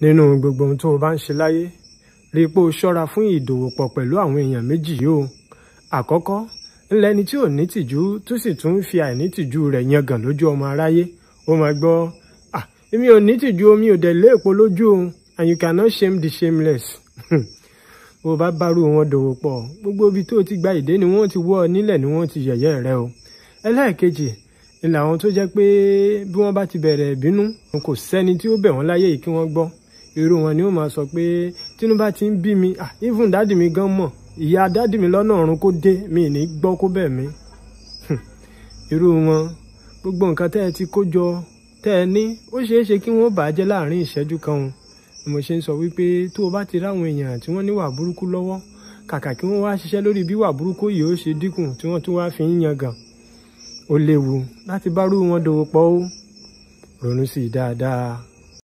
nínú gbogbo ohun tó o bá ń ṣe láyé rí i pé o ṣọ́ra fún ìdòwòpọ̀ pẹ̀lú àwọn èèyàn méjì yìí o àkọ́kọ́ ńlẹ́ni tí ò ní tìjú tó sì tún ń fi àìní tìjú rẹ̀ yangàn lójú ọmọ aráyé ó máa gbọ́ à èmi ò ní tìjú omi ò dẹ̀ lé èpo lójú o and you cannot shame the shameless bó o bá bárú wọn dòwò gbogbo ibi tó o ti gba ìdè ni wọ́n ti wọ́ ọ nílẹ̀ ni wọ́n ti yẹ̀yẹ́ rẹ o ẹlẹ́ẹ̀kejì ni làwọn tó jẹ́ pé bí wọ́n bá ti bẹ̀rẹ̀ ìbínú kò sẹ́ni tí ó bẹ̀ wọ́n láyé yìí kí wọ́n gbọ́ irú wọn ni ó máa sọ pé tínú ti ń bí mi ah even dáàdì mi gan mọ̀ ìyá dáàdì mi lọ́nà ọ̀run kó dé mi ní gbọ́ kó bẹ̀ mí hmm. irú wọn gbogbo nǹkan tẹ́ ẹ ti kó jọ tẹ́ ẹ ní ó ṣeé ṣe kí wọ́n bàjẹ́ láàrin ìṣẹ́jú kan ni mo ṣe ń sọ wípé tó o bá ti ráwọn èèyàn tí wọ́n níwà burúkú lọ́wọ́ kàkà kí wọ́n wá ṣiṣẹ́ lórí bí wà burúkú yìí ó ṣe dínkù tí wọ́n tún wá fi ń yangàn ó léwu láti bá rú wọn dòwò pọ̀ ó ronú sí dáadáa.